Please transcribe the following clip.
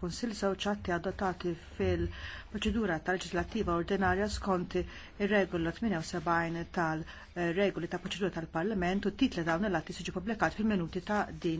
Kunsill żewġ atti adottati fil-proċedura tal-leġislattiva ordinarja skont ir-regola 78 tal-regoli eh, ta' proċedura tal-Parlament u titla dawn l-atti siġu publikati fil-minuti ta' din